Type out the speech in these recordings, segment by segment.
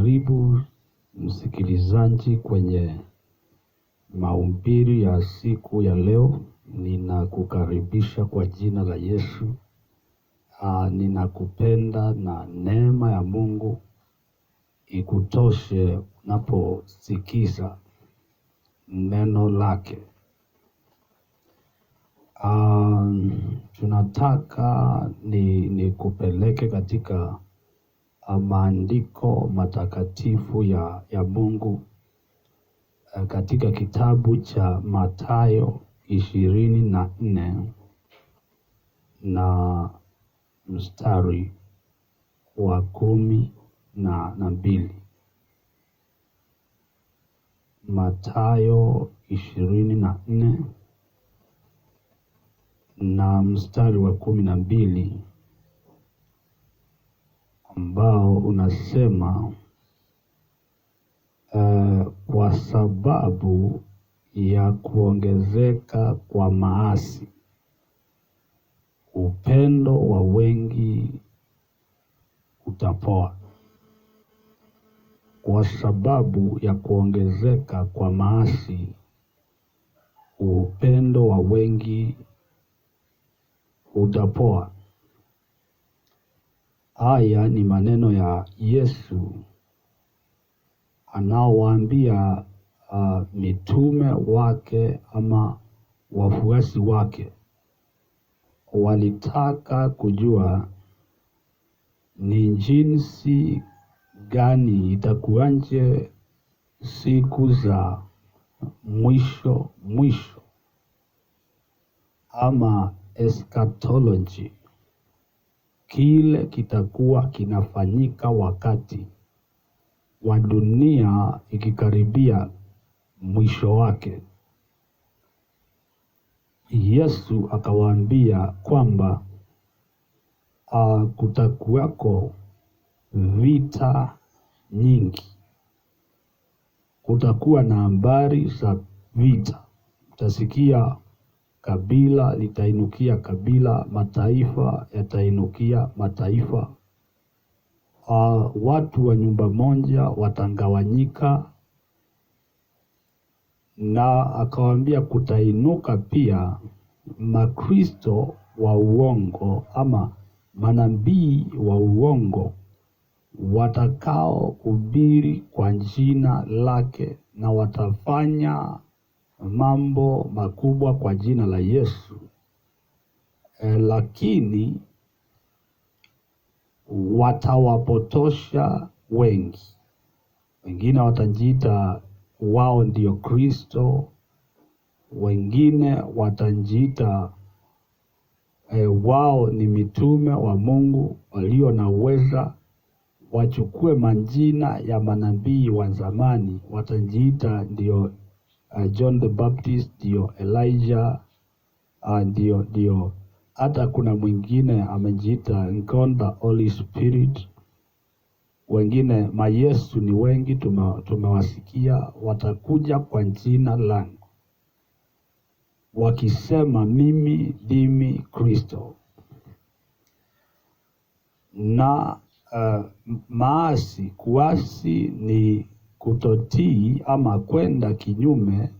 Karibu msikilizaji kwenye maumbiri ya siku ya leo. Ninakukaribisha kwa jina la Yesu. Aa, ah, ninakupenda na neema ya Mungu ikutoshe unaposikiza neno lake. Aa, ah, tunataka ni nikupeleke katika Uh, maandiko matakatifu ya, ya Mungu uh, katika kitabu cha Mathayo ishirini na nne na mstari wa kumi na na mbili. Mathayo ishirini na nne na mstari wa kumi na mbili ambao unasema uh, kwa sababu ya kuongezeka kwa maasi, upendo wa wengi utapoa. Kwa sababu ya kuongezeka kwa maasi, upendo wa wengi utapoa. Haya ni maneno ya Yesu anaowaambia uh, mitume wake ama wafuasi wake. Walitaka kujua ni jinsi gani itakuwanje siku za mwisho mwisho ama eschatology kile kitakuwa kinafanyika wakati wa dunia ikikaribia mwisho wake. Yesu akawaambia kwamba uh, kutakuwako vita nyingi, kutakuwa na habari za vita, utasikia kabila litainukia kabila, mataifa yatainukia mataifa. Uh, watu wa nyumba moja watangawanyika, na akawaambia kutainuka pia makristo wa uongo ama manabii wa uongo watakaohubiri kwa jina lake na watafanya mambo makubwa kwa jina la Yesu. E, lakini watawapotosha wengi. Wengine watajiita wao ndio Kristo, wengine watajiita e, wao ni mitume wa Mungu walio na uweza wachukue majina ya manabii wa zamani, watajiita ndio uh, John the Baptist, ndio Elijah uh, ndio uh, ndio hata kuna mwingine amejiita Nkonda Holy Spirit. Wengine mayesu ni wengi, tumewasikia watakuja kwa jina langu wakisema mimi ndimi Kristo, na uh, maasi kuasi ni kutotii ama kwenda kinyume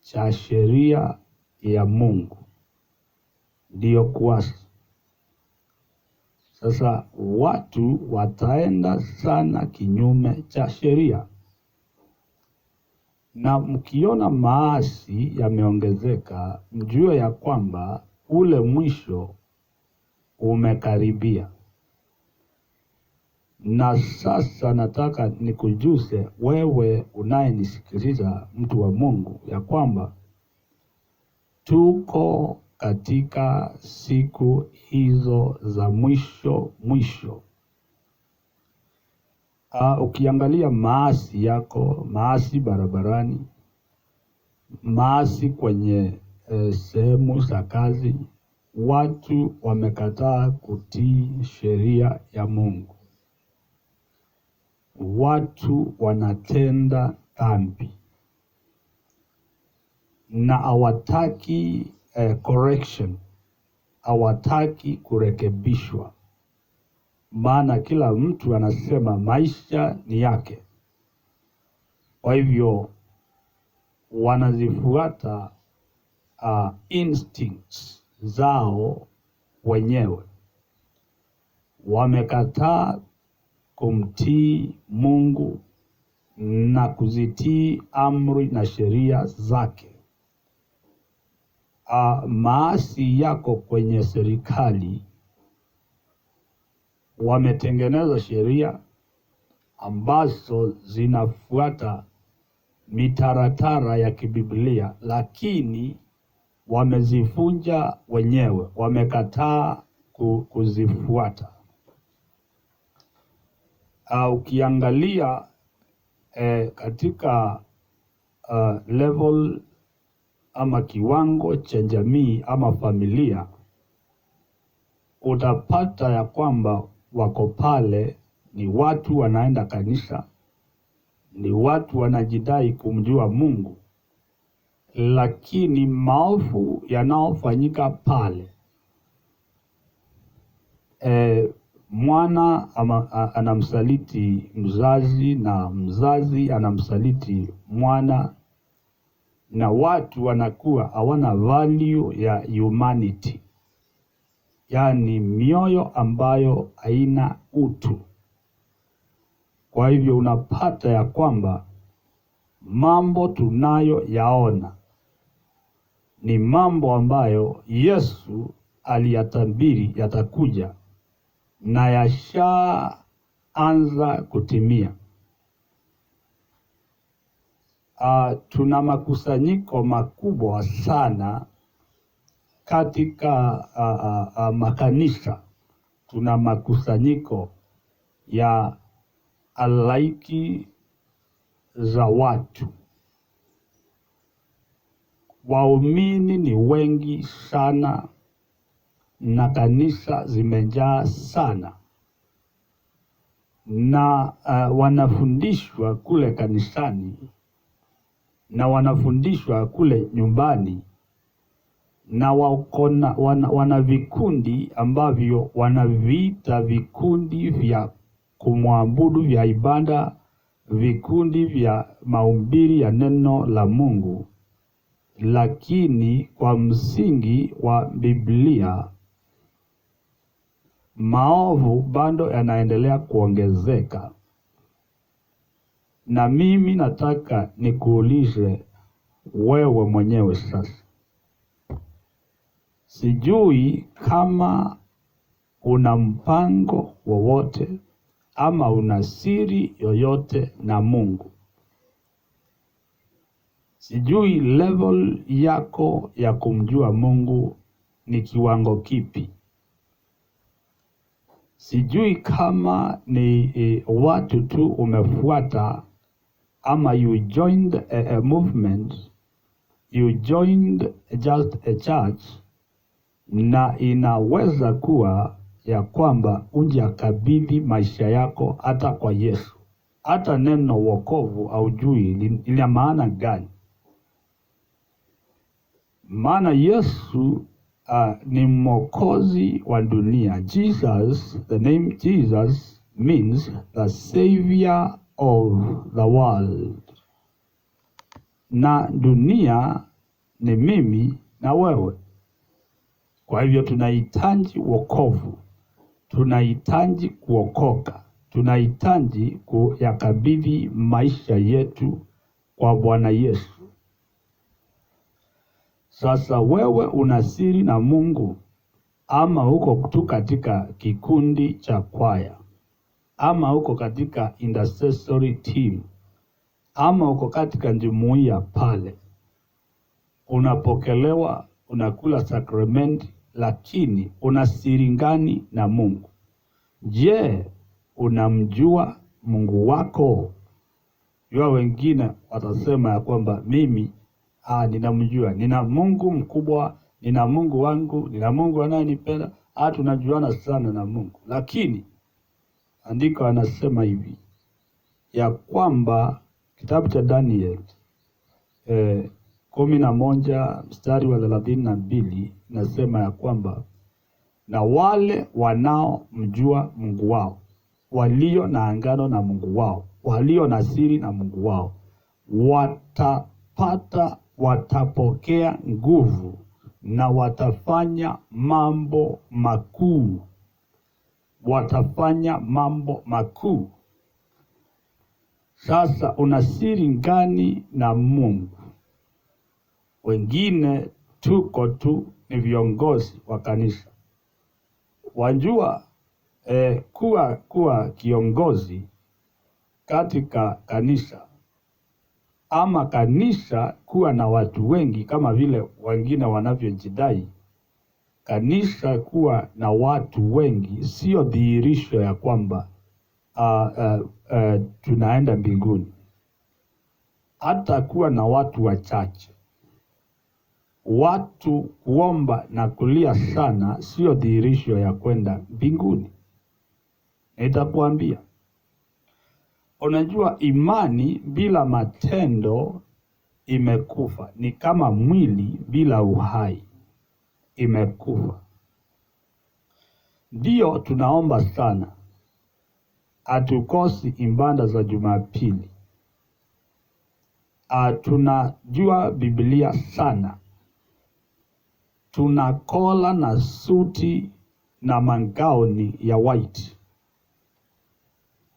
cha sheria ya Mungu ndiyo kuasi. Sasa watu wataenda sana kinyume cha sheria, na mkiona maasi yameongezeka, mjue ya kwamba ule mwisho umekaribia. Na sasa nataka nikujuze wewe unayenisikiliza, mtu wa Mungu, ya kwamba tuko katika siku hizo za mwisho mwisho. Uh, ukiangalia maasi yako, maasi barabarani, maasi kwenye eh, sehemu za kazi, watu wamekataa kutii sheria ya Mungu watu wanatenda dhambi na hawataki uh, correction, hawataki kurekebishwa, maana kila mtu anasema maisha ni yake. Kwa hivyo wanazifuata uh, instincts zao wenyewe, wamekataa kumtii Mungu na kuzitii amri na sheria zake. A, ah, maasi yako kwenye serikali wametengeneza sheria ambazo zinafuata mitaratara ya kibiblia, lakini wamezifunja wenyewe, wamekataa kuzifuata uh, ukiangalia eh, katika uh, level ama kiwango cha jamii ama familia, utapata ya kwamba wako pale ni watu wanaenda kanisa, ni watu wanajidai kumjua Mungu, lakini maofu yanaofanyika pale eh, mwana ama, anamsaliti mzazi na mzazi anamsaliti mwana na watu wanakuwa hawana value ya humanity, yaani mioyo ambayo haina utu. Kwa hivyo unapata ya kwamba mambo tunayoyaona ni mambo ambayo Yesu aliyatabiri yatakuja na yashaanza kutimia. Uh, tuna makusanyiko makubwa sana katika uh, uh, uh, makanisa. Tuna makusanyiko ya halaiki za watu, waumini ni wengi sana na kanisa zimejaa sana na uh, wanafundishwa kule kanisani na wanafundishwa kule nyumbani na wakona, wana, wana vikundi ambavyo wanaviita vikundi vya kumwabudu vya ibada, vikundi vya mahubiri ya neno la Mungu, lakini kwa msingi wa Biblia maovu bado yanaendelea kuongezeka, na mimi nataka nikuulize wewe mwenyewe sasa, sijui kama una mpango wowote ama una siri yoyote na Mungu. Sijui level yako ya kumjua Mungu ni kiwango kipi? Sijui kama ni e, watu tu umefuata ama you joined a, a movement, you joined just a church, na inaweza kuwa ya kwamba unjakabidhi maisha yako hata kwa Yesu, hata neno wokovu aujui lina maana gani? Maana Yesu uh, ni mwokozi wa dunia. Jesus, the name Jesus means the savior of the world. Na dunia ni mimi na wewe. Kwa hivyo tunahitaji wokovu, tunahitaji kuokoka, tunahitaji kuyakabidhi maisha yetu kwa Bwana Yesu. Sasa wewe una siri na Mungu, ama uko tu katika kikundi cha kwaya, ama uko katika intercessory team, ama uko katika jumuiya pale, unapokelewa, unakula sakramenti, lakini una siri na Mungu? Je, unamjua Mungu wako? Jua wengine watasema ya kwamba mimi ah, ninamjua, nina Mungu mkubwa, nina Mungu wangu, nina Mungu anayenipenda. Ah, tunajuana sana na Mungu, lakini andiko anasema hivi ya kwamba kitabu cha Daniel eh, kumi na moja mstari wa thelathini na mbili nasema ya kwamba na wale wanaomjua Mungu wao, walio na angano na Mungu wao, walio na siri na Mungu wao watapata watapokea nguvu na watafanya mambo makuu, watafanya mambo makuu. Sasa una siri gani na Mungu? Wengine tuko tu ni viongozi wa kanisa, wajua eh, kuwa kuwa kiongozi katika kanisa ama kanisa kuwa na watu wengi kama vile wengine wanavyojidai. Kanisa kuwa na watu wengi sio dhihirisho ya kwamba uh, uh, uh, tunaenda mbinguni. Hata kuwa na watu wachache, watu kuomba na kulia sana sio dhihirisho ya kwenda mbinguni. Nitakwambia, Unajua, imani bila matendo imekufa, ni kama mwili bila uhai imekufa. ndio tunaomba sana, hatukosi ibada za Jumapili. Ah, tunajua Biblia sana, tunakola na suti na mangaoni ya white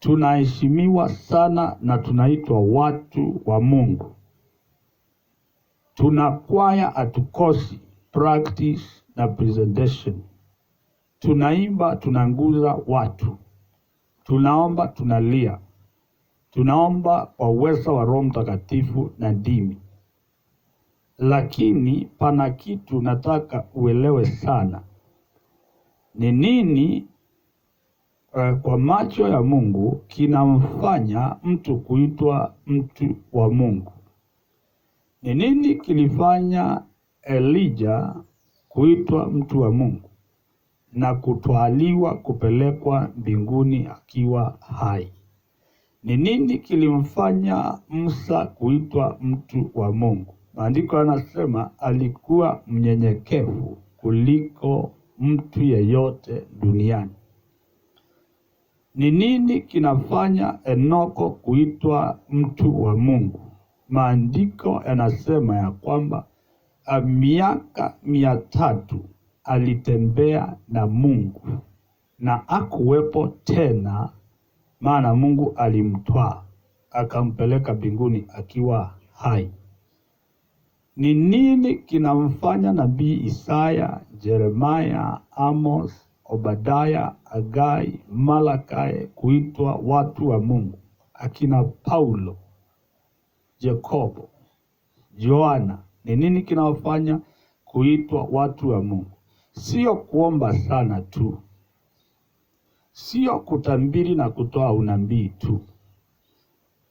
tunaheshimiwa sana na tunaitwa watu wa Mungu. Tuna kwaya hatukosi, practice na presentation, tunaimba, tunanguza watu, tunaomba, tunalia, tunaomba kwa uwezo wa Roho Mtakatifu na ndimi. Lakini pana kitu nataka uelewe sana, ni nini uh, kwa macho ya Mungu kinamfanya mtu kuitwa mtu wa Mungu. Ni nini kilifanya Elija kuitwa mtu wa Mungu na kutwaliwa kupelekwa mbinguni akiwa hai? Ni nini kilimfanya Musa kuitwa mtu wa Mungu? Maandiko yanasema alikuwa mnyenyekevu kuliko mtu yeyote duniani. Ni nini kinafanya Enoko kuitwa mtu wa Mungu? Maandiko yanasema ya kwamba ah, miaka mia tatu alitembea na Mungu na akuwepo tena, maana Mungu alimtwaa akampeleka mbinguni akiwa hai. Ni nini kinamfanya nabii Isaya, jeremaya Amos Obadaya, Agai, Malakai, kuitwa watu wa Mungu, akina Paulo, jakobo Yohana. Ni nini kinawafanya kuitwa watu wa Mungu? Sio kuomba sana tu, sio kutambiri na kutoa unabii tu,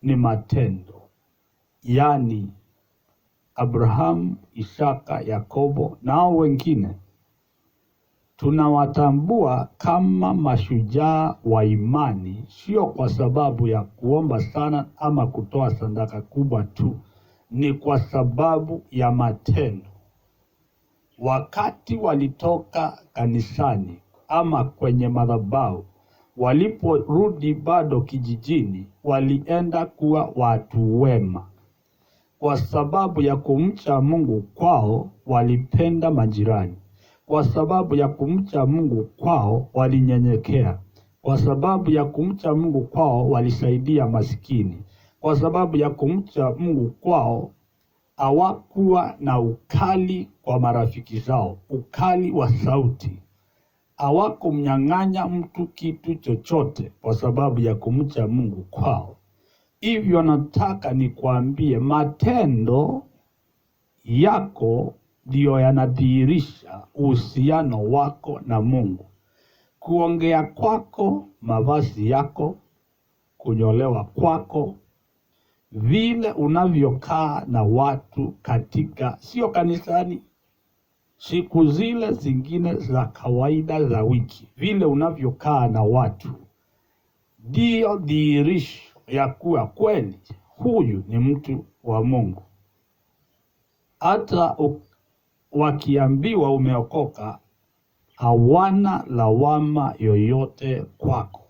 ni matendo, yaani Abrahamu, Isaka, Yakobo nao wengine Tunawatambua kama mashujaa wa imani, sio kwa sababu ya kuomba sana ama kutoa sadaka kubwa tu, ni kwa sababu ya matendo. Wakati walitoka kanisani ama kwenye madhabahu, waliporudi bado kijijini, walienda kuwa watu wema. Kwa sababu ya kumcha Mungu kwao, walipenda majirani. Kwa sababu ya kumcha Mungu kwao walinyenyekea. Kwa sababu ya kumcha Mungu kwao walisaidia masikini. Kwa sababu ya kumcha Mungu kwao hawakuwa na ukali kwa marafiki zao, ukali wa sauti. Hawakumnyang'anya mtu kitu chochote kwa sababu ya kumcha Mungu kwao. Hivyo nataka nikwambie matendo yako ndiyo yanadhihirisha uhusiano wako na Mungu. Kuongea kwako, mavazi yako, kunyolewa kwako, vile unavyokaa na watu katika, sio kanisani, siku zile zingine za kawaida za wiki, vile unavyokaa na watu ndiyo dhihirisho ya kuwa kweli huyu ni mtu wa Mungu. Hata wakiambiwa umeokoka, hawana lawama yoyote kwako.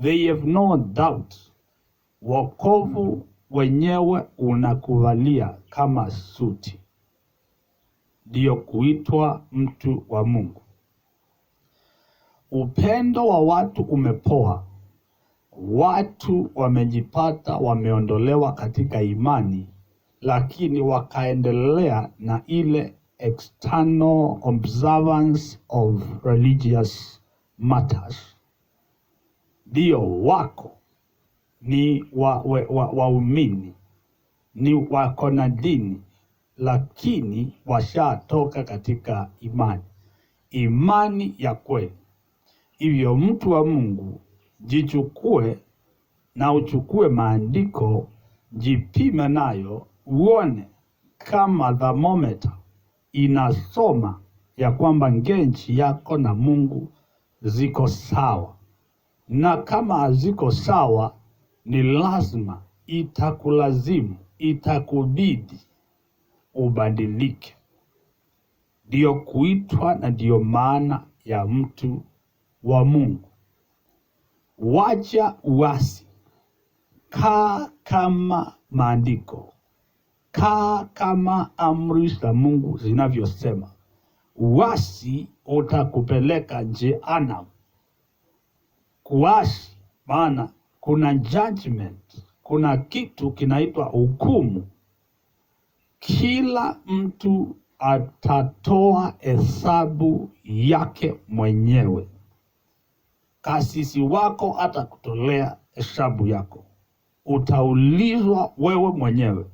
They have no doubt. Wokovu wenyewe unakuvalia kama suti, ndiyo kuitwa mtu wa Mungu. Upendo wa watu umepoa, watu wamejipata wameondolewa katika imani lakini wakaendelea na ile external observance of religious matters. Ndio wako ni waumini wa, wa ni wako na dini, lakini washatoka katika imani, imani ya kweli. Hivyo mtu wa Mungu, jichukue na uchukue maandiko, jipime nayo uone kama thermometer inasoma ya kwamba ngenji yako na Mungu ziko sawa, na kama haziko sawa, ni lazima itakulazimu, itakubidi ubadilike. Ndiyo kuitwa na ndiyo maana ya mtu wa Mungu. Wacha uasi, kaa kama maandiko kaa kama amri za Mungu zinavyosema, uasi utakupeleka jehanamu. Kuasi maana kuna judgment, kuna kitu kinaitwa hukumu. Kila mtu atatoa hesabu yake mwenyewe. Kasisi wako atakutolea hesabu yako, utaulizwa wewe mwenyewe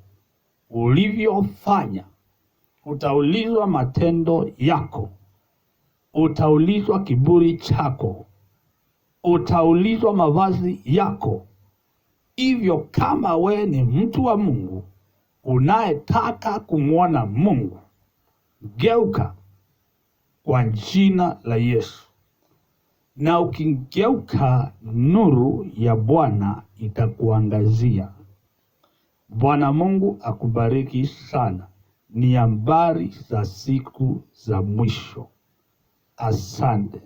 ulivyofanya, utaulizwa matendo yako, utaulizwa kiburi chako, utaulizwa mavazi yako. Hivyo kama we ni mtu wa Mungu unayetaka kumwona Mungu, geuka kwa jina la Yesu, na ukigeuka, nuru ya Bwana itakuangazia. Bwana Mungu akubariki sana. Ni habari za siku za mwisho. Asante.